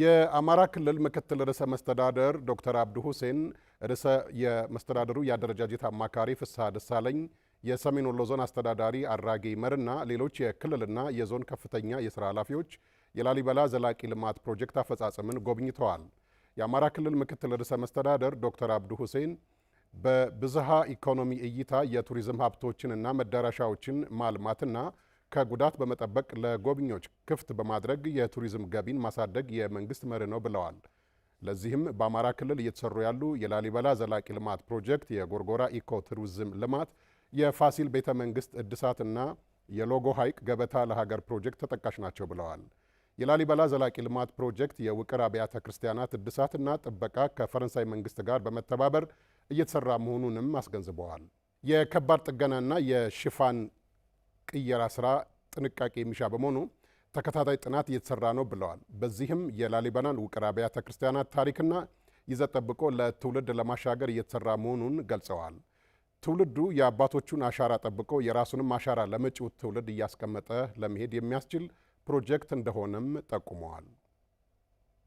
የአማራ ክልል ምክትል ርዕሰ መስተዳደር ዶክተር አብዱ ሁሴን ርዕሰ የመስተዳደሩ የአደረጃጀት አማካሪ ፍስሐ ደሳለኝ፣ የሰሜን ወሎ ዞን አስተዳዳሪ አራጌ መርና ሌሎች የክልልና የዞን ከፍተኛ የስራ ኃላፊዎች የላሊበላ ዘላቂ ልማት ፕሮጀክት አፈጻጸምን ጎብኝተዋል። የአማራ ክልል ምክትል ርዕሰ መስተዳደር ዶክተር አብዱ ሁሴን በብዝሃ ኢኮኖሚ እይታ የቱሪዝም ሀብቶችንና መዳረሻዎችን ማልማትና ከጉዳት በመጠበቅ ለጎብኚዎች ክፍት በማድረግ የቱሪዝም ገቢን ማሳደግ የመንግስት መር ነው ብለዋል። ለዚህም በአማራ ክልል እየተሰሩ ያሉ የላሊበላ ዘላቂ ልማት ፕሮጀክት፣ የጎርጎራ ኢኮ ቱሪዝም ልማት፣ የፋሲል ቤተ መንግስት እድሳትና የሎጎ ሐይቅ ገበታ ለሀገር ፕሮጀክት ተጠቃሽ ናቸው ብለዋል። የላሊበላ ዘላቂ ልማት ፕሮጀክት የውቅር አብያተ ክርስቲያናት እድሳትና ጥበቃ ከፈረንሳይ መንግስት ጋር በመተባበር እየተሰራ መሆኑንም አስገንዝበዋል። የከባድ ጥገናና የሽፋን ቅየራ ስራ ጥንቃቄ የሚሻ በመሆኑ ተከታታይ ጥናት እየተሰራ ነው ብለዋል። በዚህም የላሊበላን ውቅር አብያተ ክርስቲያናት ታሪክና ይዘት ጠብቆ ለትውልድ ለማሻገር እየተሰራ መሆኑን ገልጸዋል። ትውልዱ የአባቶቹን አሻራ ጠብቆ የራሱንም አሻራ ለመጪው ትውልድ እያስቀመጠ ለመሄድ የሚያስችል ፕሮጀክት እንደሆነም ጠቁመዋል።